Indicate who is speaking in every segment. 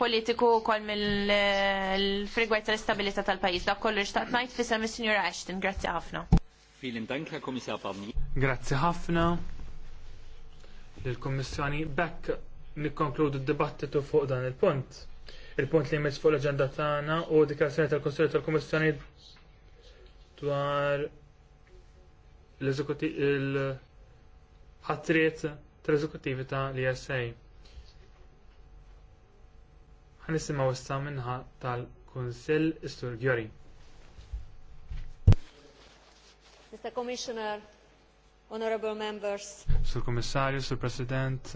Speaker 1: politiku kol mill frigwajt tal istabilita tal-pajjiż. Dak kollu xtaqt ngħid fisem is-Sinjur Ashton. Grazzi ħafna. Filim Dank, Herr Kommissar Barnier. Grazzi ħafna. Lill-Kummissjoni Beck nikkonkludu d-dibattitu fuq dan il-punt. Il-punt li jmiss fuq l-aġenda tagħna u dikarazzjoni tal-Konsilju tal-Kummissjoni dwar l-eżekutiv il-ħatriet tal-eżekutivi ta' l-ISA. E Nisimaw issa minnħa tal-Kunsill Istur Gjori.
Speaker 2: Mr. Commissioner, Honorable Members.
Speaker 1: Sur Komissarju, Sur President,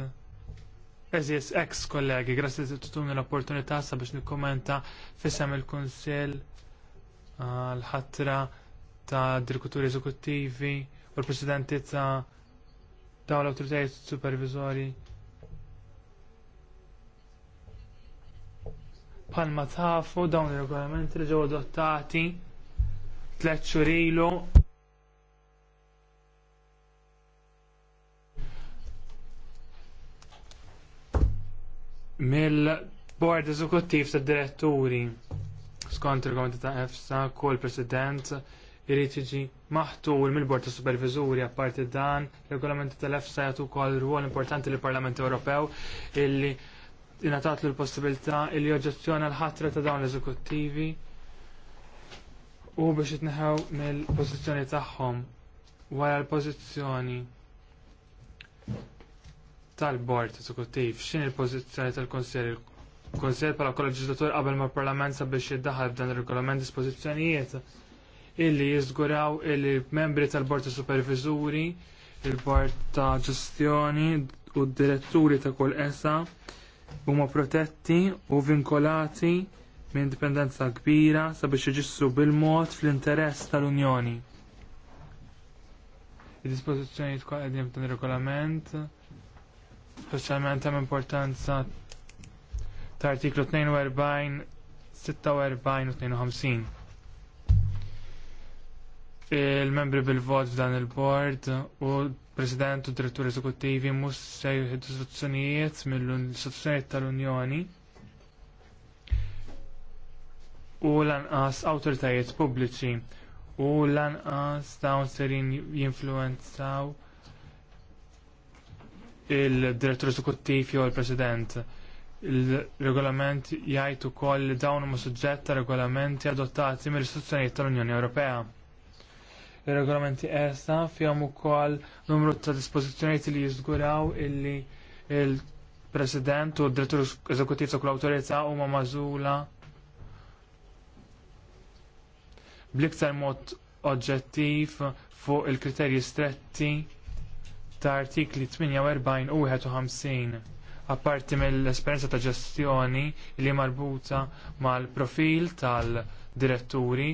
Speaker 1: eżis ex kollegi, grazie li tutuni l-opportunità sabiex nikkommenta fissam il-Kunsill ah, l-ħatra ta' dirkuturi eżekuttivi u l-presidenti ta' dawn l-autoritajiet supervizori Palma tafu dawn il-regolamenti li ġew adottati tliet xhur ilu mill-Bord Eżekuttiv tad Diretturi. Skont il regolamenti ta' EFSA, kull President irid jiġi maħtur mill-Bord ta' Superviżuri apparti dan, regolamenti tal-EFSA jagħtu wkoll rwol importanti lill parlament Ewropew illi jinatat l-possibilità il joġġezzjona l-ħatra ta' dawn l-eżekuttivi u biex jitneħew mill-pozizjoni tagħhom wara l-pozizjoni tal-bord eżekuttiv x'in il-pożizzjoni tal-Konsell il-Konsell bħala kol-leġislatur qabel ma' parlament sabiex jiddaħħal f'dan ir-regolament dispożizzjonijiet illi jiżguraw illi membri tal-bord ta' superviżuri il-bord ta' ġestjoni u d-diretturi ta' kull esa huma protetti u vinkolati minn dipendenza kbira sabiex iġissu bil-mod fl-interess tal-Unjoni. Id-dispożizzjonijiet qegħdin f'dan ir-regolament speċjalment hemm importanza ta' artiklu 42, 46 u 52 il-membri bil-vot f'dan il-bord u president u direttur eżekuttivi mhux se id istituzzjonijiet mill-istituzzjonijiet tal-Unjoni u lanqas awtoritajiet pubbliċi u lanqas dawn serin jinfluenzaw il-direttur eżekuttiv jew il-president. Il-regolament jgħid ukoll li dawn huma suġġett ta' regolamenti adottati mill-istituzzjonijiet tal-Unjoni Ewropea regolamenti ESA fihom ukoll numru ta' dispożizzjonijiet li jiżguraw illi il-President u d-Direttur Eżekuttiv ta' kull awtorità huma magħżula bl-iktar mod oġġettiv fuq il-kriterji stretti ta' artikli 48 u 51 apparti mill-esperjenza ta' ġestjoni li marbuta mal-profil tal-diretturi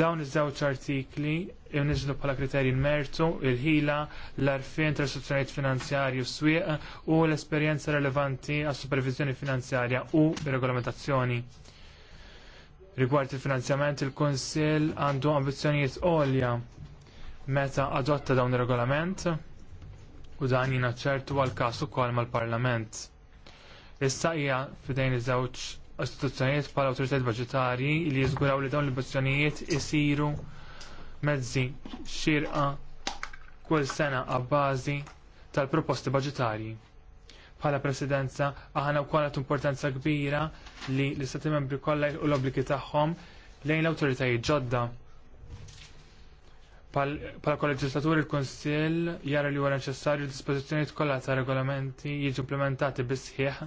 Speaker 1: Dawn iż-żewġ artikli joniġdu bħala kriterji l-mertu, il-ħila, l-arfin tal-istituzzjonijiet finanzjarji u s-swieq u l-esperjenza relevanti għas supervizjoni finanzjarja u regolamentazzjoni. Rigward il-finanzjament, il-Konsil għandu ambizzjonijiet għolja meta adotta dawn ir-regolament u dan jina ċertu għal każ ukoll mal-Parlament. Issa hija fidejn iż-żewġ istituzzjonijiet bħala awtoritajiet budġetarji li jiżguraw li dawn l-istituzzjonijiet isiru mezzi xirqa kull sena għabbażi tal-proposti budġetarji. Bħala presidenza aħna wkoll għat importanza kbira li l-istati membri kollha u l-obbligi tagħhom lejn l-awtoritajiet ġodda. Pala kol-leġislatur il-Konsil jara li huwa neċessarju dispożizzjonijiet kollha ta' regolamenti jiġu implementati bisħieħ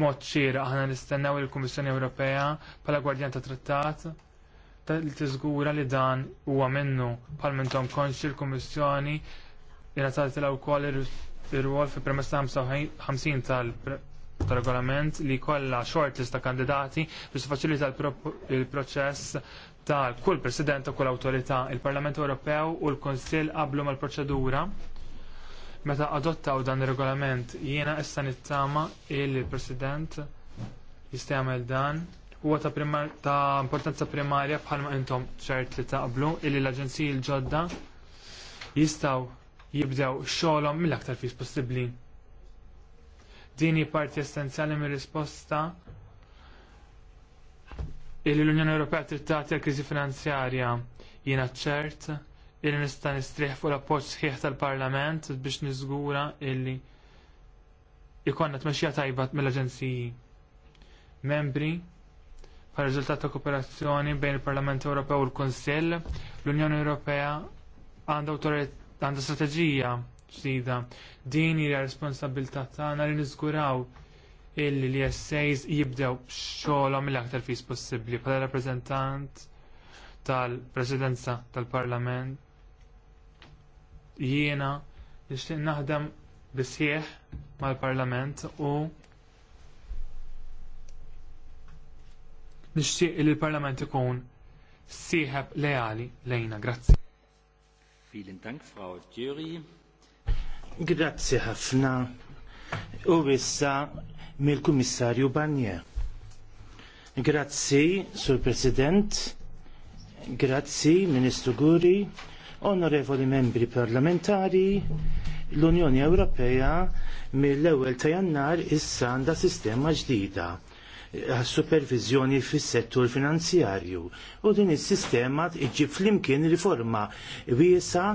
Speaker 1: mod ċira aħna nistennew il-Kummissjoni Ewropea bħala gwardjan ta' trattat li tiżgura li dan huwa minnu bħal minnhom konxi l-Kummissjoni li natat wkoll ir-rwol fi premessa 55 tal-regolament li kollha shortlist ta' kandidati biex faċilita l-proċess ta' kull President u kull Awtorità. Il-Parlament Ewropew u l-Kunsill qablu mal-proċedura meta adottaw dan ir-regolament jiena issa nittama il-President jista' jagħmel dan huwa ta' primar, ta' importanza primarja bħalma intom ċert li taqblu illi l-aġenziji l-ġodda jistaw jibdew xogħolhom mill-aktar fis possibbli. Din hi parti essenzjali mir-risposta illi l-Unjoni Ewropea trid tagħti l-kriżi finanzjarja jiena ċert il nista' nistriħ fuq l-appoġġ sħiħ tal-Parlament biex niżgura illi ikonna tmexxija tajba mill-aġenziji. Membri par riżultat ta' kooperazzjoni bejn il-Parlament Ewropew u l-Kunsill, l-Unjoni Ewropea għandha għandha strateġija ġdida. Din hija responsabilità tagħna li niżguraw illi li essays jibdew xogħolhom mill-aktar fis possibbli bħala rappreżentant tal-Presidenza tal-Parlament jiena nixtieq naħdem bisħieħ mal-Parlament u nixtieq li l-Parlament ikun sieħeb leali lejna. Grazzi.
Speaker 3: Vielen Dank, Frau Thierry. Grazzi ħafna. U issa mill-Kummissarju Barnier. Grazzi, Sur President. Grazzi, Ministru Guri Onorevoli membri parlamentari, l-Unjoni Ewropea mill-ewwel ta' jannar issa għandha sistema ġdida eh, supervizjoni fis settur finanzjarju. U din is-sistema tiġi flimkien riforma wiesa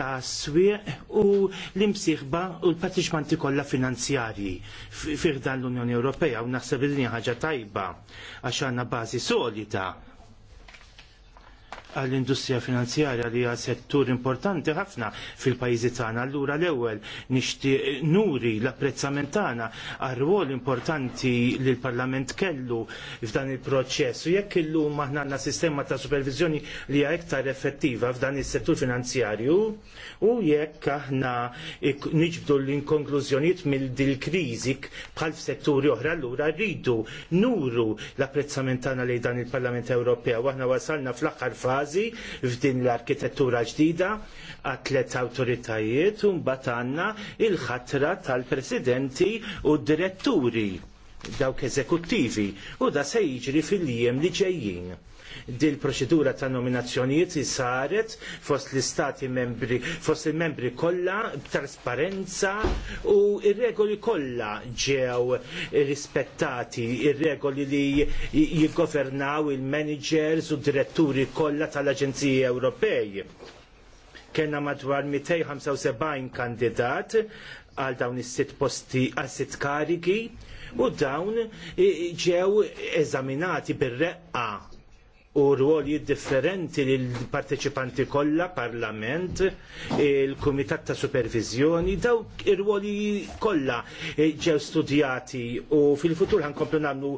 Speaker 3: ta' swieq u l-imsiħba u l-partiċmanti kollha finanzjarji fih dan l-Unjoni Ewropea u naħseb li ħaġa tajba għax għandna bażi solita għall-industrija finanzjarja li hija settur importanti ħafna fil-pajjiżi tagħna. Allura l-ewwel nixtieq nuri l-apprezzament tagħna għar-rwol importanti li l-Parlament kellu f'dan il-proċess u jekk illum aħna għandna sistema ta' supervizjoni li hija iktar effettiva f'dan is-settur finanzjarju u jekk aħna niġbdu l-inkonklużjonijiet mill dil kriżi bħal f'setturi oħra allura rridu nuru l-apprezzament tagħna lejn dan il-Parlament Ewropew. Aħna wasalna fl-aħħar far bażi f'din l-arkitettura ġdida għat tlet awtoritajiet u mbagħad għandna il-ħatra tal-presidenti u d-diretturi dawk eżekuttivi u da se jiġri fil-jiem li ġejjin Dil proċedura ta' nominazzjonijiet saret fost l-istati membri, fost il-membri kollha b'trasparenza u il regoli kollha ġew rispettati, il regoli li jiggovernaw il-managers u diretturi kollha tal-Aġenziji Ewropej. Kenna madwar 275 kandidat għal dawn is sit posti għal sit karigi u dawn ġew eżaminati bir-reqqa u ruoli differenti lill parteċipanti kollha, parlament, il-kumitat ta' supervizjoni, dawk ir-ruoli kollha eh, ġew studjati u fil-futur ħankomplu nagħmlu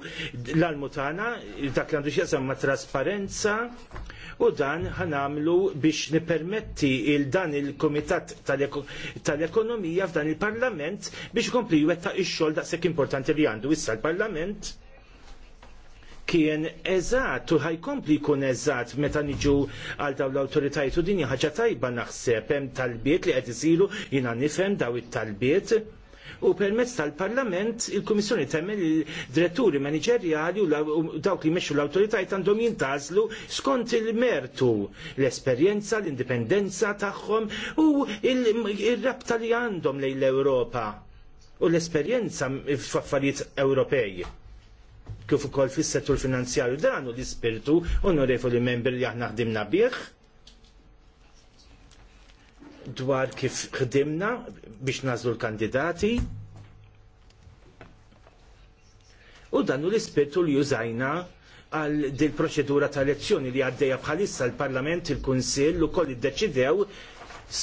Speaker 3: l-almu tagħna dak li għandu ma' trasparenza u dan ħanamlu biex nipermetti il dan il-Komitat tal-Ekonomija f'dan il-Parlament biex kompli jwetta ix-xogħol daqshekk importanti li għandu issa l-Parlament kien eżat u ħajkompli jkun eżat meta niġu għal dawn l-awtoritajiet u din ħaġa tajba naħseb hemm talbiet li qed isiru jiena nifhem daw it-talbiet u permezz tal-Parlament il-Kummissjoni temmel il-diretturi maniġerjali u dawk li mexxu l-autoritajt għandhom jintazlu skont il-mertu, l-esperjenza, l-indipendenza tagħhom u il-rabta li għandhom lejn l-Ewropa u l-esperjenza f'affarijiet Ewropej kif ukoll fis-settur finanzjarju dan għandu l-ispirtu onorevoli membri li aħna ħdimna bih dwar kif ħdimna biex nażlu l-kandidati. U dan hu l-ispirtu li jużajna għal dil proċedura ta' elezzjoni li għaddejja bħalissa l-Parlament, il-Kunsill u koll iddeċidew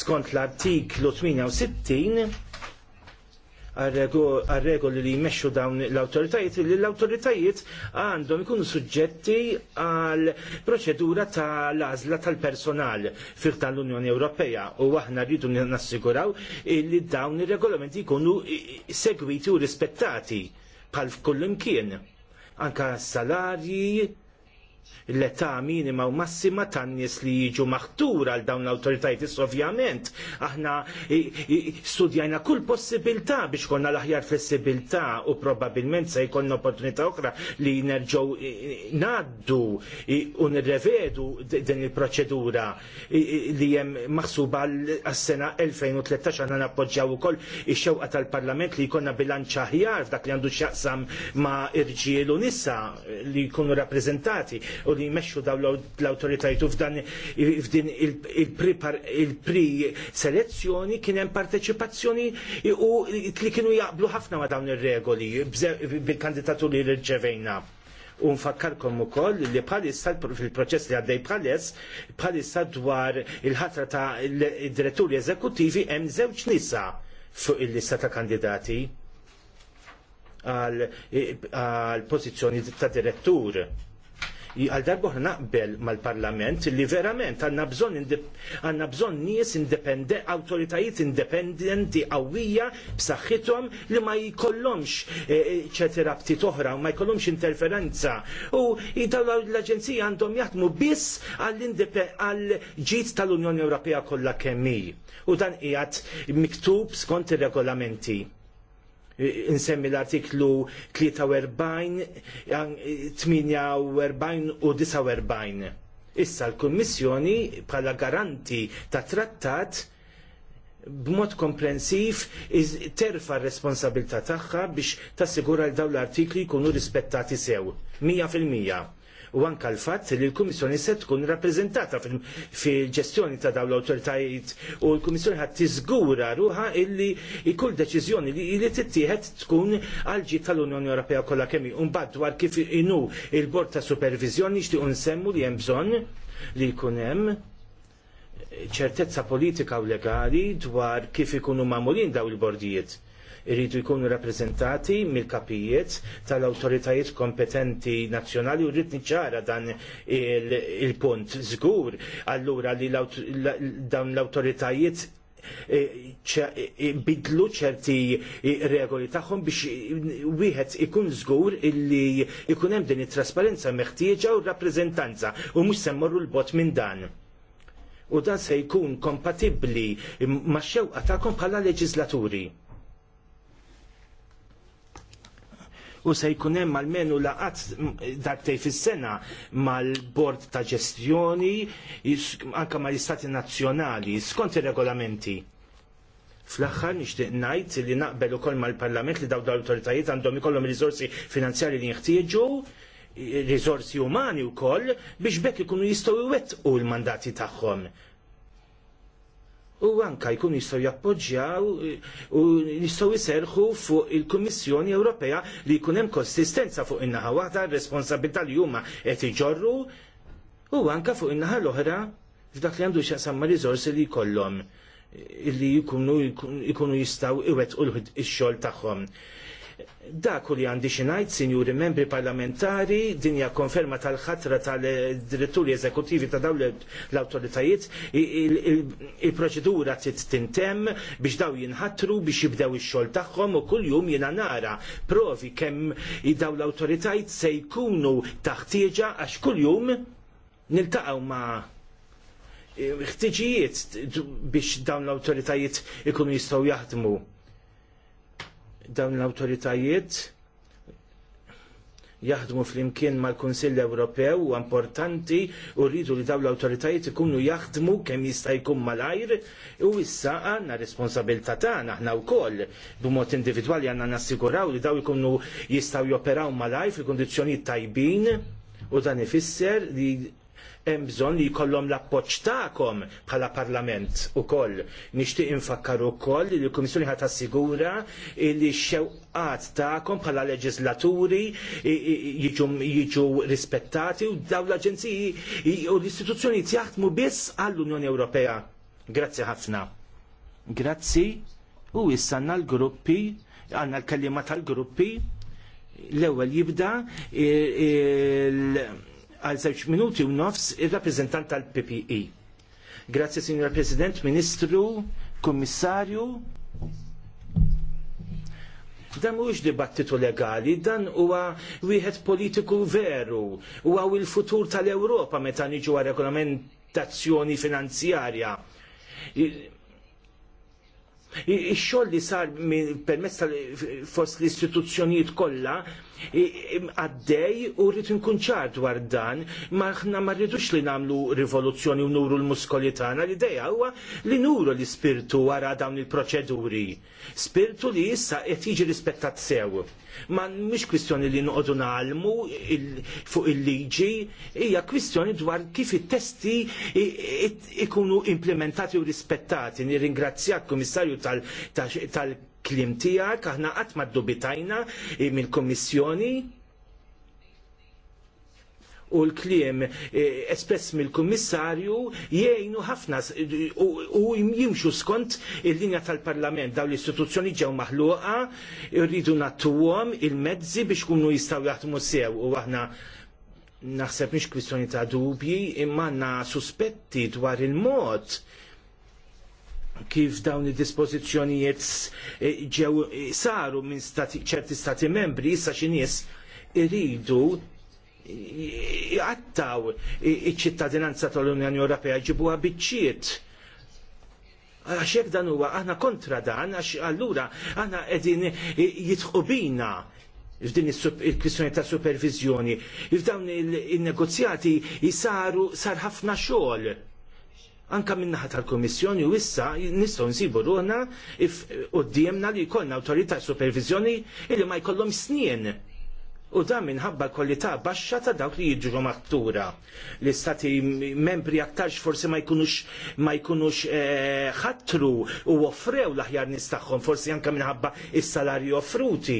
Speaker 3: skont l-artiklu 68 għal-regoli li jmexxu dawn l-autoritajiet li l-autoritajiet għandhom ikunu suġġetti għal proċedura tal-għażla tal-personal fih tal-Unjoni Ewropea u aħna rridu nassiguraw li dawn ir-regolamenti jkunu segwiti u rispettati bħal kien anka salarji l-età minima u massima tan nies li jiġu maħtur għal dawn l-autoritajiet ovvjament aħna studjajna kull possibilità biex konna l-aħjar flessibilità u probabbilment se jkollna opportunità oħra li nerġgħu ngħaddu u nirrevedu din il-proċedura li hemm maħsuba għas-sena 2013 aħna nappoġġjaw ukoll ix-xewqa tal-Parlament li jkollna bilanċ aħjar f'dak li għandu x'jaqsam ma' irġiel u nisa li jkunu rappreżentati u li jmexxu daw l awtoritajtu f'dan f'din il pri selezzjoni kien hemm parteċipazzjoni u li kienu jaqblu ħafna ma' dawn ir-regoli bil-kandidatu li rċevejna. U nfakkarkom ukoll li bħalissa fil-proċess li għaddej bħaless bħalissa dwar il-ħatra ta' diretturi eżekutivi hemm żewġ nisa fuq il-lista ta' kandidati għal pożizzjoni ta' direttur għal darbu naqbel mal-parlament li verament għanna bżon għanna bżon nies independenti, autoritajiet independenti qawwija b'saħħithom li ma jkollhomx e, e, ċerti rabtiet oħra u ma jkollhomx interferenza. U l-Aġenzija għandhom jaħdmu biss għall-ġid tal-Unjoni Ewropea kollha kemm U dan qiegħed miktub skont ir-regolamenti insemmi l-artiklu 43, 48 u 49. Issa l-Kummissjoni bħala garanti ta' trattat b'mod komprensiv terfa r-responsabilità tagħha biex tassigura l dawn l-artikli jkunu rispettati sew. Mija fil-mija u anka l-fatt li l-Kummissjoni se tkun rappreżentata fil-ġestjoni ta' dawn l-awtoritajiet u l-Kummissjoni ħadd tiżgura ruha illi kull deċiżjoni li tittieħed tkun għalġi tal-Unjoni Ewropea kollha kemm u mbagħad dwar kif inu il-Bord ta' Supervizjoni xtiequ nsemmu li hemm bżonn li jkun hemm ċertezza politika u legali dwar kif ikunu magħmulin daw il-bordijiet irridu jkunu rappreżentati mill-kapijiet tal-awtoritajiet kompetenti nazzjonali u rrid niċċara dan il-punt il żgur allura li dawn l-awtoritajiet e, e, e, bidlu ċerti regoli tagħhom biex wieħed ikun żgur illi ikun hemm din it-trasparenza meħtieġa u rappreżentanza u mhux se mmorru l-bot minn dan. U dan se jkun kompatibbli ma' xewqa tagħkom bħala leġislaturi. u se jkun hemm almenu laqat tej fis-sena mal-bord ta' ġestjoni anke mal-istati nazzjonali skont ir-regolamenti. Fl-aħħar nixtieq ngħid li naqbel ukoll mal-Parlament li dawn l-awtoritajiet għandhom ikollhom riżorsi finanzjari li jeħtieġu riżorsi umani wkoll biex bekk ikunu jistgħu jwettqu l-mandati tagħhom u anka jkunu jistgħu jappoġġjaw eh, u jistgħu jserħu fuq il-Kummissjoni Ewropea li jkun hemm konsistenza fuq in-naħa waħda r-responsabilità li huma qed iġorru u anka fuq in-naħa l-oħra f'dak li għandu x'aqsam ma' riżorsi li jkollhom eh, jkunu jikunu jistaw iwet u l xogħol tagħhom dak li għandi xinajt, sinjuri membri parlamentari, dinja konferma tal-ħatra tal direttori eżekutivi ta' dawn l-autoritajiet, il-proċedura tintem biex daw jinħatru biex jibdew ix-xogħol tagħhom u kuljum jina nara provi kemm daw l-autoritajiet se jkunu taħtieġa għax kuljum niltaqgħu ma' ħtiġijiet biex dawn l-autoritajiet ikunu jistgħu jaħdmu dawn l-autoritajiet jaħdmu fl-imkien mal-Kunsill Ewropew u importanti u rridu li dawn l-autoritajiet ikunu jaħdmu kemm jista' jkun malajr u issa għandna responsabilità tagħna aħna wkoll b'mod individwali għandna nassiguraw li daw ikunu jistgħu joperaw malajr fi kundizzjonijiet tajbin u dan ifisser li hemm bżonn li jkollhom l-appoġġ tagħkom bħala Parlament ukoll. Nixtieq infakkar ukoll li l-Kummissjoni ħadd assigura li x-xewqat tagħkom bħala leġislaturi jiġu rispettati u daw l-aġenziji u l istituzzjoni jaħdmu biss għall-Unjoni Ewropea. Grazzi ħafna. Grazzi u issa għandna l-gruppi għandna l-kellima tal-gruppi l-ewwel jibda il għal żewġ minuti u nofs ir-rappreżentant tal-PPE. Grazzi, Signor President, Ministru, Kommissarju. Dan mhuwiex dibattitu legali, dan huwa wieħed politiku veru, huwa il-futur tal-Ewropa meta niġu għal regolamentazzjoni finanzjarja. Ix-xogħol li sar permezz tal fost l-istituzzjonijiet kollha għaddej u rrid nkun ċar dwar dan, ma aħna ma rridux li nagħmlu rivoluzzjoni u nuru l-muskoli l-idea huwa li nuru l-ispirtu wara dawn il-proċeduri. Spirtu li issa qed jiġi rispettat sew. Ma mhix kwistjoni li noqogħdu nagħlmu fuq il-liġi, hija kwistjoni dwar kif it-testi ikunu implementati u rispettati. Nirringrazzjak Kummissarju tal-Kummissjoni klim tijar, aħna għat ma dubitajna eh, mill-Komissjoni u l-kliem eh, espress mill-Kummissarju jgħinu ħafna eh, u jimxu skont il-linja tal-Parlament daw l-istituzzjoni ġew maħluqa rridu nattuhom il-mezzi biex kunu jistgħu jaħdmu sew u aħna naħseb mhix kwistjoni ta' dubji imma na suspetti dwar il-mod kif dawn id-dispożizzjonijiet eh, ġew eh, saru minn ċerti stati membri, issa xi nies iridu eh, jgħattaw iċ-ċittadinanza tal-Unjoni Ewropea ġibuha biċċiet. Għax jekk dan huwa aħna kontra dan, għax allura aħna qegħdin jitħu bina f'din il-kwistjoni ta' supervizjoni. F'dawn il-negozjati jisaru sar ħafna xogħol anka ħat tal-Komissjoni u issa nistgħu nsibu ruħna qudiemna li jkollna autorita supervizjoni illi ma jkollhom snien. U dan minħabba kwalità baxxa ta' dawk li jiġu mattura. L-istati membri aktarx forsi ma jkunux ma jkunux eh, ħattru u offrew l-aħjar nistaħħom forsi anka minħabba is-salarju offruti.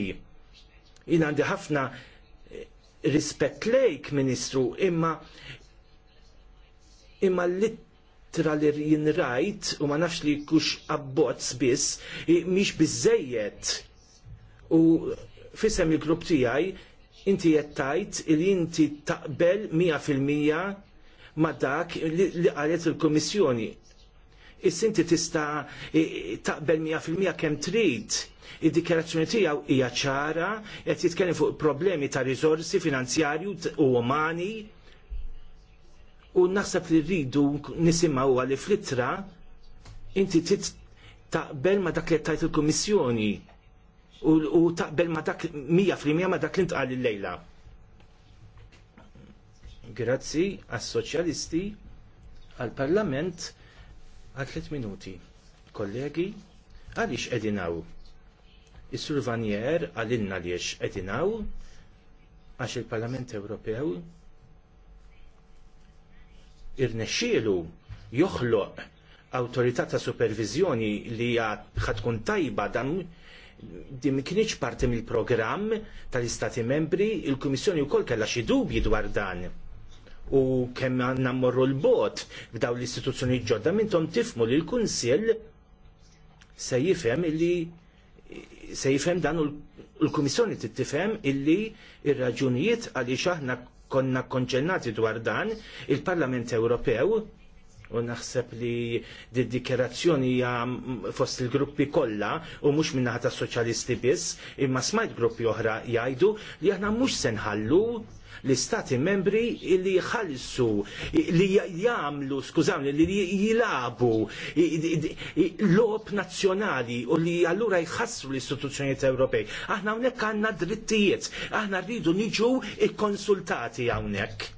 Speaker 3: Jien għandi ħafna eh, rispett lejk, Ministru, imma imma l tra li jien rajt u ma nafx li kux abbozz biss, miex bizzejiet. U fissem il grupp tijaj, inti jettajt li inti taqbel 100% ma dak li għalet il-Komissjoni. Is-inti tista taqbel 100% kem trid. Id-dikjerazzjoni tiegħu hija ċara qed jitkellem fuq problemi ta' rizorsi finanzjarju u umani u naħseb li rridu nisimaw għalli fl inti inti taqbel ma dak li tajt il-Komissjoni u taqbel ma dak Mija 100% ma dak li ntqal il-lejla. Grazzi għas-soċjalisti għal-Parlament għal 3 minuti. Kollegi, għaliex edinaw? Is-Sur Vanier għalinna għaliex edinaw għax il-Parlament Ewropew irnexxielu joħloq awtorità ta' supervizjoni li hija tkun tajba dan din kienx parti mill-programm tal-Istati Membri, il-Kummissjoni wkoll kellha xi dubji dwar dan. U kemm għandna mmorru l-bot f'dawn l-istituzzjoni ġodda minnhom tifmu li l-Kunsill se jifhem li se jifhem dan u l-Kummissjoni tittifhem illi ir-raġunijiet għaliex aħna konna konċennati dwar dan, il-Parlament Ewropew u naħseb li di dikerazzjoni hija fost il-gruppi kollha u mhux minnaħa tas soċjalisti biss, imma smajt gruppi oħra jgħidu li aħna mhux se nħallu l-istati membri li jħallsu li jagħmlu skużawni, li jilabu l-op nazzjonali u li allura jħassru l-istituzzjonijiet Ewropej. Aħna hawnhekk għandna drittijiet, aħna rridu niġu ikkonsultati hawnhekk.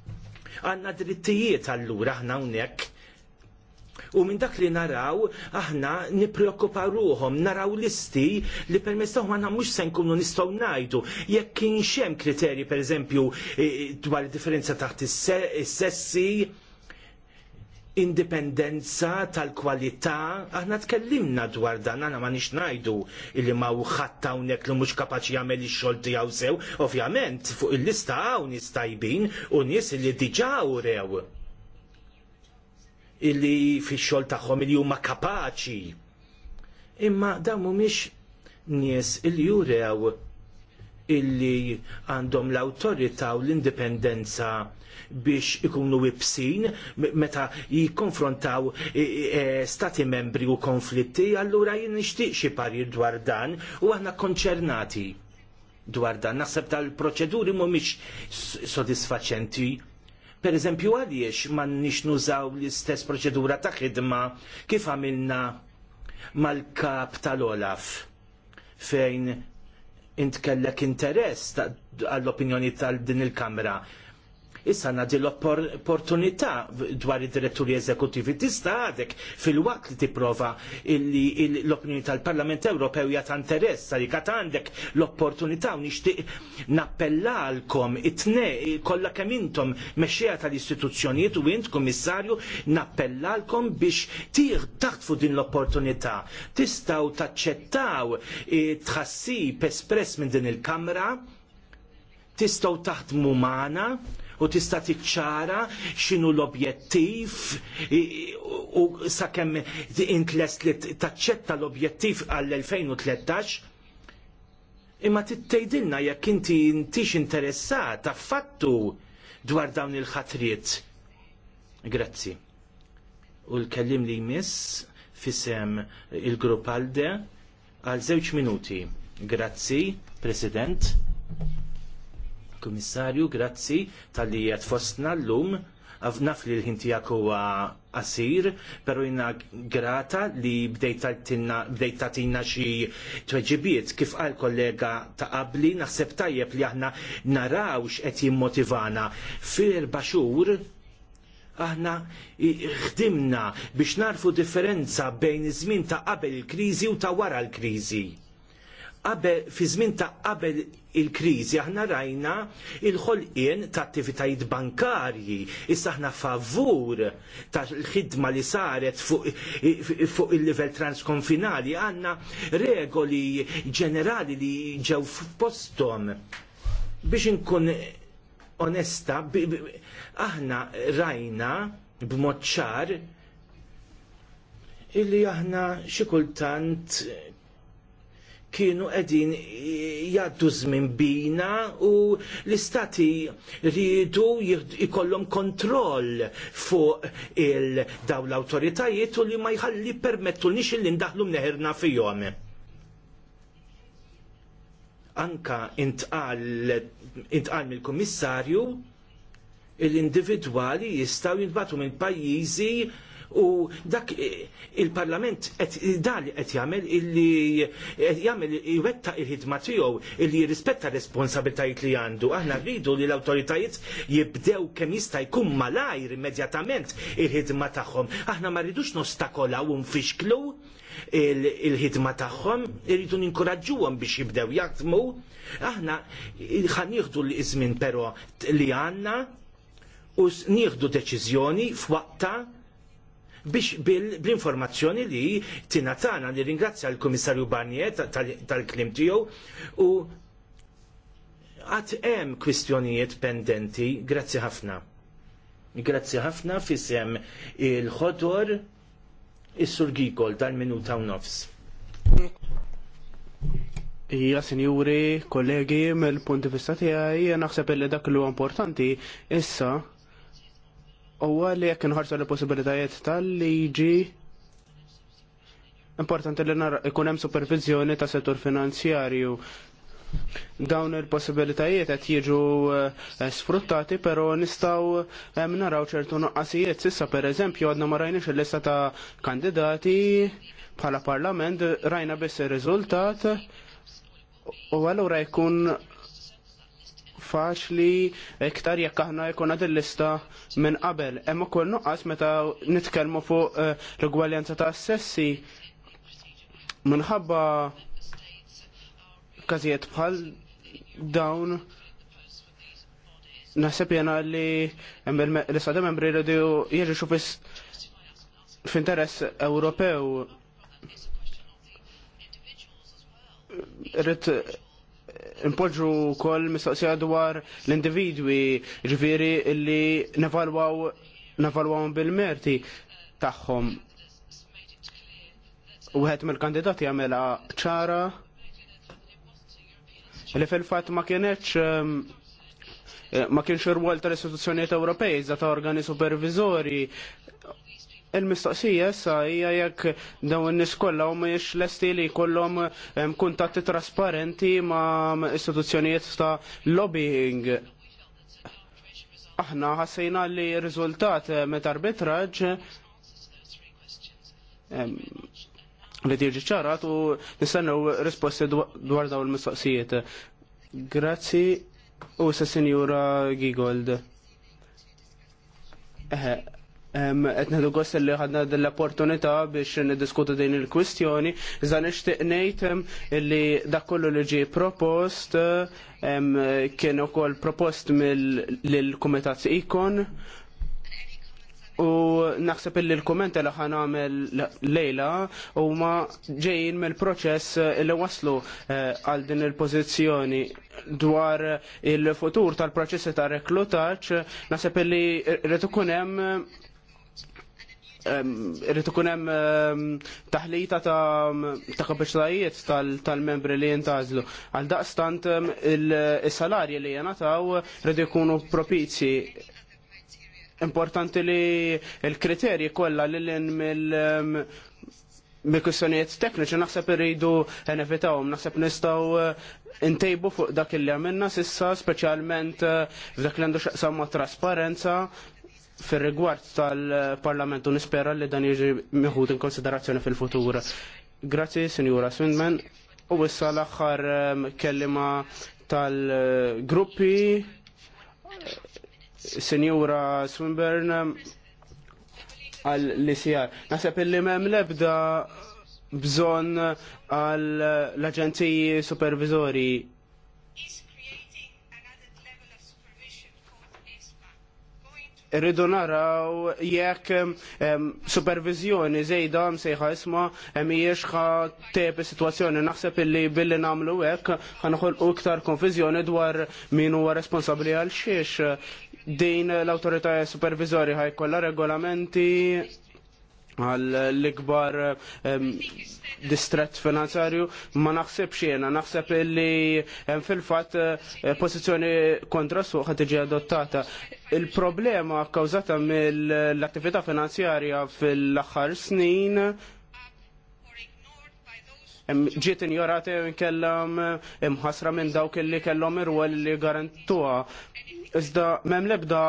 Speaker 3: Għandna drittijiet allura aħna hawnhekk U minn dak li naraw, aħna nipreokkupaw ruhom, naraw listi li permess taħom għanna mux sen kunu nistaw najdu. Jekk kien xem kriteri, per eżempju, e, dwar differenza taħt is-sessi, indipendenza tal-kwalità, aħna tkellimna dwar dan, aħna ma nix najdu illi ma uħatta unek li mux kapaċi jagħmel ix-xogħol tiegħu sew, ovvjament fuq il-lista hawn nistajbin u nies li diġà rew illi fix-xogħol tagħhom il huma kapaċi. Imma dawn mhumiex nies illi jurew illi għandhom l autorita u l-indipendenza biex ikunu wibsin meta jikkonfrontaw e- e- e- stati membri u konflitti, allura jien nixtieq xi parir dwar dan u aħna konċernati dwar dan. Naħseb tal-proċeduri mhumiex sodisfaċenti Per eżempju għaliex ma nix nużaw l-istess proċedura ta' ħidma kif għamilna mal-kap tal-Olaf fejn intkellek interess għall-opinjoni tal-din il-Kamra Issa nadi l-opportunità dwar id-diretturi eżekutivi tista' għadek fil-waqt li tipprova l-opinjoni tal-Parlament Ewropew hija ta' interess għalik għandek l-opportunità u nixtieq nappellalkom it-tnej kollha kemm intom mexxejja tal-istituzzjonijiet u int kummissarju nappellalkom biex tieħ taħtfu din l-opportunità. Tistgħu taċċettaw eh, tħassib espress minn din il-Kamra tistgħu taħdmu magħna u tista' tiċċara x'inhu l-objettiv u sakemm intlest li taċċetta l-objettiv għall-2013 imma tittejdilna jekk inti intix interessat affattu dwar dawn il-ħatriet. Grazzi. U l-kellim li jmiss fisem il-grupp Alde għal żewġ minuti. Grazzi, President. Kummissarju, grazzi tal-li jatfostna fostna l-lum naf li l-ħin tijak huwa qasir, pero jina grata li bdejt tatina xi tweġibiet kif għal kollega ta' qabli naħseb tajjeb li aħna narawx qed jimmotivana fil baxur xhur aħna ħdimna biex narfu differenza bejn iż-żmien ta' qabel il-kriżi u ta' wara l-kriżi qabel fi żmien ta' qabel il-kriżi aħna rajna il-ħolqien ta' attivitajiet bankarji, issa aħna favur ta' l-ħidma li saret fuq fu il-livell transkonfinali għandna regoli ġenerali li ġew f'postom biex inkun onesta, aħna rajna b'mod ċar illi aħna xi kultant kienu edin jaddu żmien bina u l-istati rridu jikollom kontroll fuq il daw l-awtoritajiet u li ma jħalli permettu nix li ndaħlu mneħirna fihom. Anka intqal mill-kummissarju l-individwali jistaw jintbatu minn pajjiżi u dak e, il-Parlament dal qed jagħmel illi qed jagħmel iwetta il-ħidma tiegħu illi jirrispetta responsabiltajiet li għandu. Aħna rridu li l-awtoritajiet jibdew kemm jista' jkun malajr immedjatament il-ħidma tagħhom. Aħna ma rridux nostakolaw u nfixklu il-ħidma tagħhom, irridu ninkoraġġuhom biex jibdew jaħdmu. Aħna ħanieħdu l-iżmin però li għandna u nieħdu deċiżjoni f'waqta biex bil informazzjoni li tinatana li ringrazzja l-Komissarju Barnier tal-klim tiegħu u għat hemm kwistjonijiet pendenti, grazzi ħafna. Grazzi ħafna fissem il-ħodor is-sur Gikol tal-minuta u nofs.
Speaker 2: Ija, sinjuri, kollegi, mill-punti vista tiegħi naħseb il dak l-u importanti issa U li jekk inħarsu l-possibilitajiet tal-liġi importanti li nara ikun hemm supervizjoni ta' settur finanzjarju. Dawn il-possibilitajiet qed jiġu eh, sfruttati, però nistgħu eh, naraw ċertu nuqqasijiet sissa pereżempju għadna ma rajniex il-lista ta' kandidati bħala parlament rajna biss ir-riżultat u allura jkun faċli iktar jekk aħna jkun għad lista minn qabel. Hemm ukoll nuqqas meta nitkellmu fuq eh, l-ugwaljanza ta' sessi minħabba każijiet bħal dawn Naħseb jena li l-istati membri rridu jieġu f'interess Ewropew rrit impoġġu wkoll mistoqsija dwar l-individwi ġifieri illi nevalwaw nevalwawhom bil-merti tagħhom. Wieħed mill-kandidati jagħmilha ċara li fil-fatt ma kienx ehm, ma kienx rwol tal-istituzzjonijiet Ewropej, iżda ta' organi supervizori Il-mistoqsija issa hija jekk dawn in-nies kollha huma jiex lesti li jkollhom kuntatti trasparenti ma' istituzzjonijiet ta' lobbying. Aħna ħassejna li r-riżultat eh, meta arbitraġġ li tiġi ċarat u nistennew risposti dwar dawn il-mistoqsijiet. Grazzi u sa' Sinjura Gigold. Eh, etneħdu għost li ħadna dell-opportunità biex n-diskutu din il-kwistjoni, iżda nixtieq ngħid li dak kollu li ġie propost kien ukoll propost mill-Kumitat Ikon u naħseb illi l-kommenti li ħan għamil lejla u ma ġejjin mill-proċess li waslu eh, għal din il-pozizjoni dwar il-futur tal-proċessi ta' reklutaċ naħseb illi rritu kunem irrid ikun hemm taħlita ta' kapaċitajiet tal-membri li jintażlu. Għal daqstant il-salarji li jenataw rridu jkunu propizji importanti li il-kriterji kollha li l mill mill-kwistjonijiet tekniċi naħseb irridu nevitawhom, naħseb nistgħu eh, ntejbu fuq dak li għamilna sissa, speċjalment eh, f'dak li għandu xaqsam ma' trasparenza, fil-rigward tal-Parlamentu nispera li dan jiġi meħud in konsiderazzjoni fil-futur. Grazzi, senjura Swindman. U issa l-axħar ehm, kellima tal-gruppi, Signora Swinburn, għal-LCR. Nasab li mem lebda bżon għal l supervizori rridu naraw jekk supervizjoni zejda msejħa isma mhijiex ħa tepi situazzjoni naħseb illi billi nagħmlu hekk ħanħol iktar konfiżjoni dwar min huwa responsabbli għal xiex din l-autorità supervizori ħajkollha regolamenti għal l-ikbar ehm, distret finanzarju ma naħseb xiena, naħseb li ehm, fil-fat eh, pozizjoni kontra suq ħat iġi adottata. Il-problema kkawżata mill-attività finanzjarja fil-axar snin ġiet injorati kellam imħasra minn dawk li kellhom irwel li garantuha. Iżda m'hemm l-ebda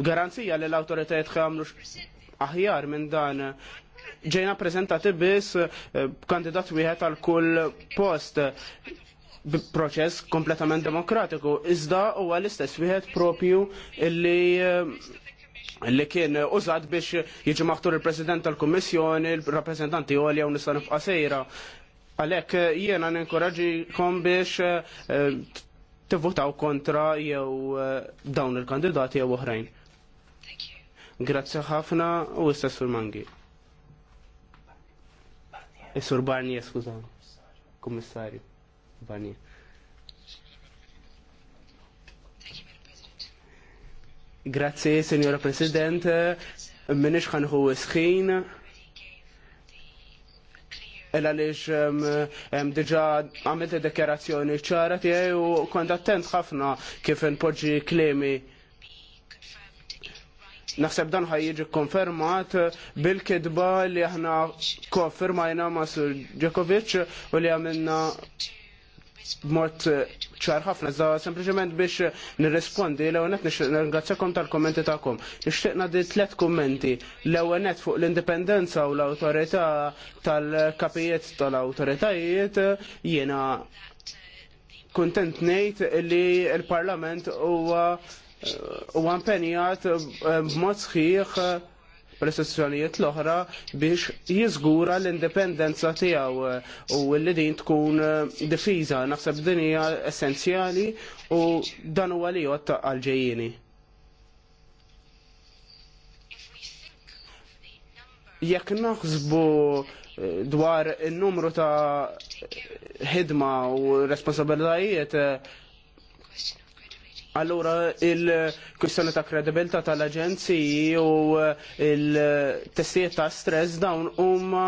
Speaker 2: garanzija li l-awtoritajiet għamlu aħjar minn dan ġejna prezentati biss eh, kandidat wieħed għal kull post proċess kompletament demokratiku, iżda huwa l-istess wieħed propju illi eh, li kien użad biex jiġi maħtur il-President tal-Kommissjoni, il-rappresentanti għolja u nistan nifqa sejra. Għalek eh, jiena kom biex tivvotaw kontra jew dawn il-kandidati jew oħrajn. Grazzi ħafna u istess fil-mangi. Is-sur eh, Barnier, skużaw. Kummissarju. Barnier. Grazzi, Signora President. Minix ħanħu sħin. Ella lix diġa għamilt dekerazzjoni ċara tiegħi u kont attent ħafna kif inpoġġi klemi Naħseb dan ħaj jiġi konfermat eh, bil-kidba li aħna konfermajna ma' Sur Djokovic u li għamilna mort eh, ċar ħafna, za sempliciment biex nirrespondi l-ewenet nirringrazzakom tal-kommenti ta'kom. Ixtiqna di tlet kommenti l-ewenet fuq l-indipendenza u l autorita tal-kapijiet tal-autoritajiet jiena kontent nejt li l-parlament huwa uh, u għampenjat eh, eh, b'mod sħiħ eh, prestazzjonijiet l-oħra biex jizgura l-indipendenza tijaw u li din tkun difiża naħseb dinija hija essenzjali u dan huwa li għal għalġejjini. Jekk naħsbu dwar il numru ta' ħidma u responsabilitajiet Allura, il-kwistjoni eh, ta' kredibilta tal-aġenziji u eh, il-testijiet eh, ta' stress dawn huma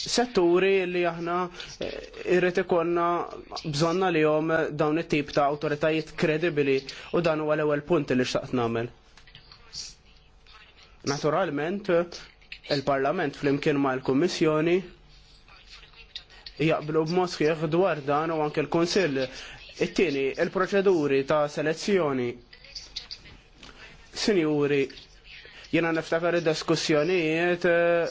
Speaker 2: setturi li aħna irrid ikollna bżonna li jom dawn it-tip ta' awtoritajiet kredibili u dan huwa l-ewwel punt li xtaqt nagħmel. Naturalment, il-Parlament flimkien ma' l-Kummissjoni jaqblu b'mod sħiħ dwar dan u anke l-Kunsill It-tieni, il-proċeduri ta' selezzjoni. Sinjuri, jena niftakar id-diskussjonijiet eh,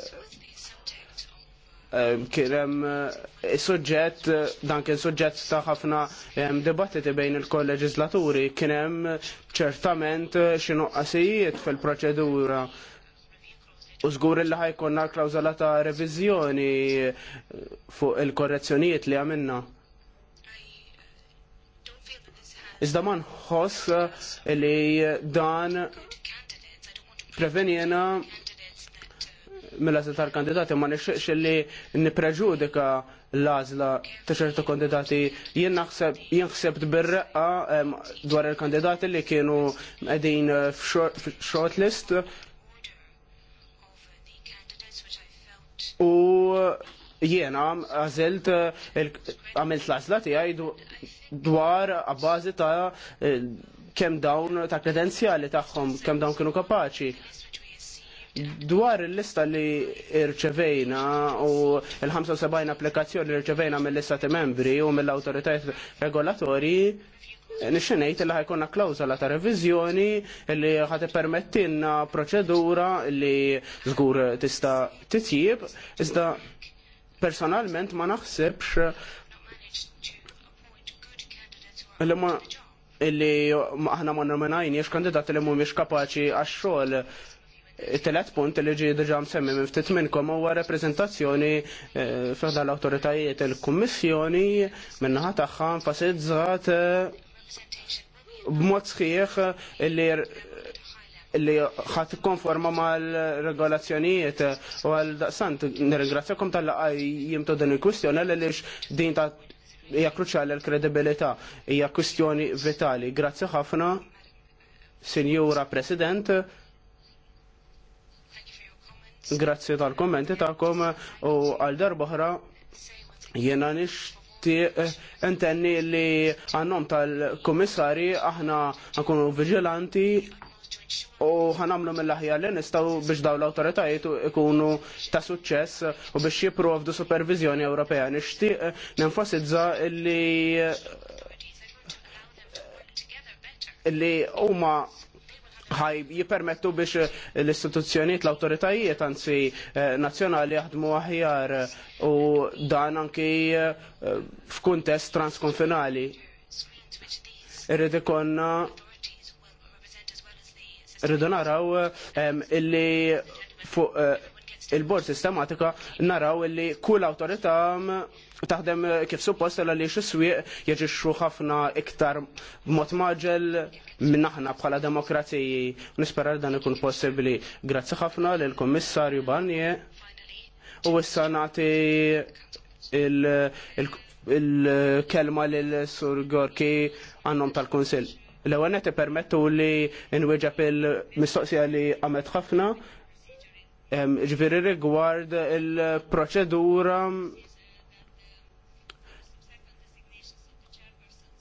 Speaker 2: kienem eh, suġġett, dan kien suġġett ta' ħafna dibattiti bejn il-kolleġislaturi, kienem ċertament eh, xinu qasijiet fil-proċedura. U zgur li ħajkonna klawzola ta' revizjoni fuq il-korrezzjonijiet li għamilna. Iżda ma nħoss eh, li dan prevenjena mela se tal-kandidati ma nixxieqx li nipreġudika l-għażla ta' ċertu kandidati jien naħseb jien ħsebt birreqqa dwar il-kandidati li kienu qegħdin f'shortlist u jiena għażilt eh, għamilt l-għażla tiegħi dwar abbażi ta' eh, kemm dawn ta' kredenzjali tagħhom, kemm dawn kienu kapaċi. Dwar il-lista li irċevejna u il-75 applikazzjoni li irċevejna mill-istati membri u mill autoritajt regolatori, nixxinejt li ħajkonna klawzola ta' revizjoni li ħat permettinna proċedura li zgur tista' titjib, iżda personalment ma naħsibx li ma illi aħna ma nominajniex kandidat li mhumiex kapaċi għax-xogħol telet punt li ġi diġa msemmi minn ftit minnkom huwa reprezentazzjoni eh, fil l-awtoritajiet il-kummissjoni minnaħa tagħha enfasizzat eh, b'mod sħiħ illi li ħat konforma mal-regolazzjonijiet u għal-daqsant. Nirringrazzjakom tal-laqaj jimtu din il-kwistjoni li din ta' hija kruċjali l-kredibilità, hija kwistjoni vitali. Grazzi ħafna, Sinjura President. Grazzi tal-kommenti tagħkom u għal darbohra Jiena nix intenni li għannom tal-komissari aħna nkunu vigilanti u ħanamlu mill-aħjar li nistaw biex daw l-autoritajiet ikunu ta' suċċess u biex jiprovdu supervizjoni Ewropea. Nixtieq eh, nenfasizza li eh, li huma ħaj jipermettu biex l istituzzjonijiet l-autoritajiet, anzi eh, nazjonali jaħdmu aħjar u dan anki f'kuntest transkonfinali. Irrid ikonna rridu naraw illi fuq eh, il-bord sistematika naraw illi kull autorità taħdem kif suppost għal li swieq jieġixxu ħafna iktar mot maġel minn aħna bħala demokraziji. Nispera dan ikun possibbli. Grazzi ħafna l kummissarju Barnier u issa nagħti il-kelma l Sur Gorki għannom tal-Kunsill. L-ewwel qed permettu li nwieġeb il-mistoqsija li għamet ħafna ġviri rigward il-proċedura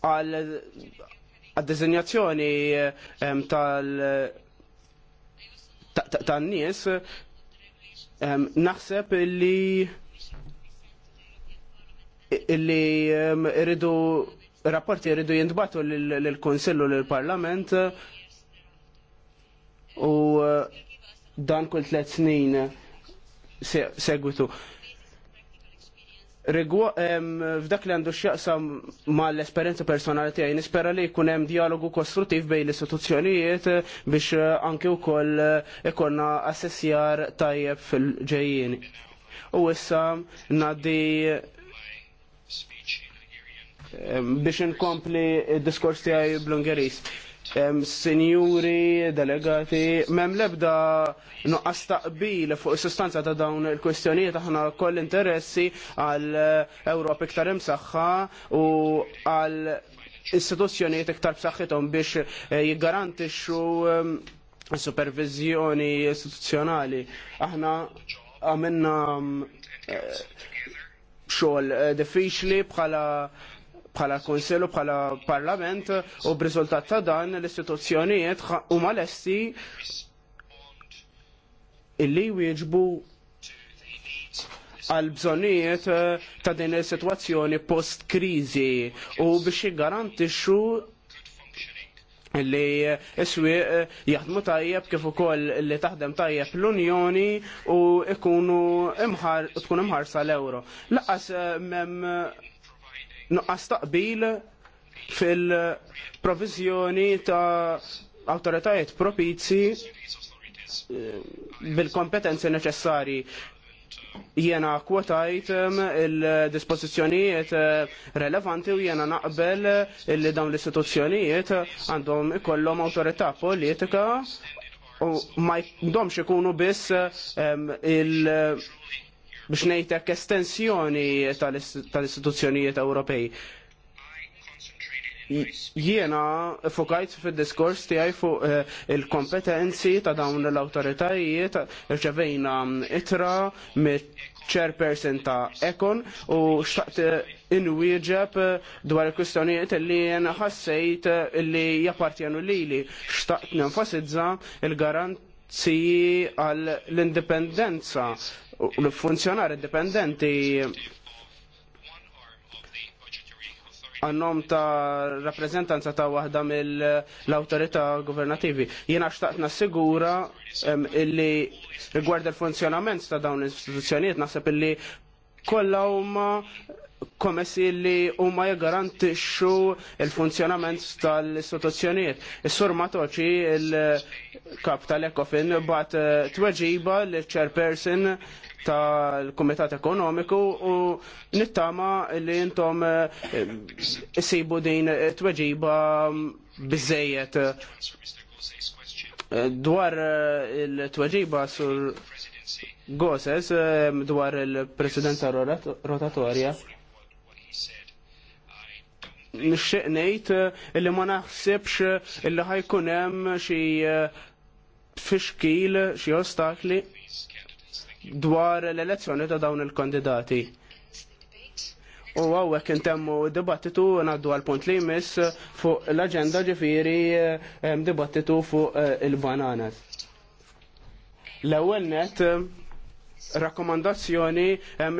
Speaker 2: għal għad-dizinjazzjoni tal tan-nies naħseb li illi irridu rapporti jridu jindbatu l-Konsillu l-Parlament u uh, dan kull tlet snin segwitu. F'dak li għandu x'jaqsam ma l esperienza personali tijaj, nispera li jkun hemm dialogu kostruttiv bej l-istituzzjonijiet biex uh, anki u wkoll uh, ikonna assessjar tajjeb fil ġejjini U issa ngħaddi biex inkompli diskors tiegħi bl Sinjuri, delegati, mem lebda nuqqas taqbil fuq is-sustanza ta' dawn il-kwestjonijiet aħna koll interessi għal Ewropa iktar imsaħħa u għal istituzzjonijiet iktar b'saħħithom biex eh, jiggarantixxu supervizjoni istituzzjonali. Aħna għamilna eh, xogħol eh, diffiċli bħala bħala Kunsell u bħala Parlament u b'riżultat ta' dan l-istituzzjonijiet huma lesti illi jwieġbu għal bżonijiet eh, ta' din il-situazzjoni post-krizi u biex jgarantixxu li iswi eh, eh, jaħdmu tajjeb kif ukoll li taħdem tajjeb l-Unjoni u ikunu imħar tkun imħarsa l-euro. Laqas mem nuqqas taqbil fil-provizjoni ta' awtoritajiet propizi eh, bil-kompetenzi neċessari jena kwotajt ehm, il-dispozizjonijiet eh, relevanti u jena naqbel li dawn l-istituzzjonijiet għandhom ikollhom autorità politika u ma jdomx ikunu biss ehm, il- biex ngħidlek estensjoni tal-istituzzjonijiet Ewropej. Jiena fukajt fil-diskors tiegħi fuq eh, il-kompetenzi ta' dawn l-awtoritajiet rċevejna mm, itra mit-chairperson ta' Ekon u xtaqt eh, inwieġeb eh, dwar il-kwistjonijiet li jena ħassejt li jappartjanu lili. Xtaqt nenfasizza il-garant garanziji għal l-indipendenza u l-funzjonari indipendenti għannom ta' rappresentanza ta' wahda mill-autorita governativi. Jena xtaqt nassigura illi rigward il-funzjonament ta' dawn l-istituzzjoniet, nasib illi kollha huma komessi li huma jgarantixxu il-funzjonament tal-istituzzjonijiet. Is-sur Matoċi il-kap tal-Ekofin bat eh, tweġiba l-chairperson tal-Kumitat Ekonomiku u nittama li intom eh, isibu din eh, tweġiba biżejjed dwar il-tweġiba sur Goses dwar il-presidenza rotatorja nixxieq ngħid eh, li ma naħsibx eh, illi ħajkun hemm xi eh, fixkil xi ostakli dwar l-elezzjoni ta' dawn il-kandidati. U għawek intemmu dibattitu naddu għal-punt li jmiss fuq l-agenda ġifiri dibattitu fuq il-bananas. L-ewel net, rakkomandazzjoni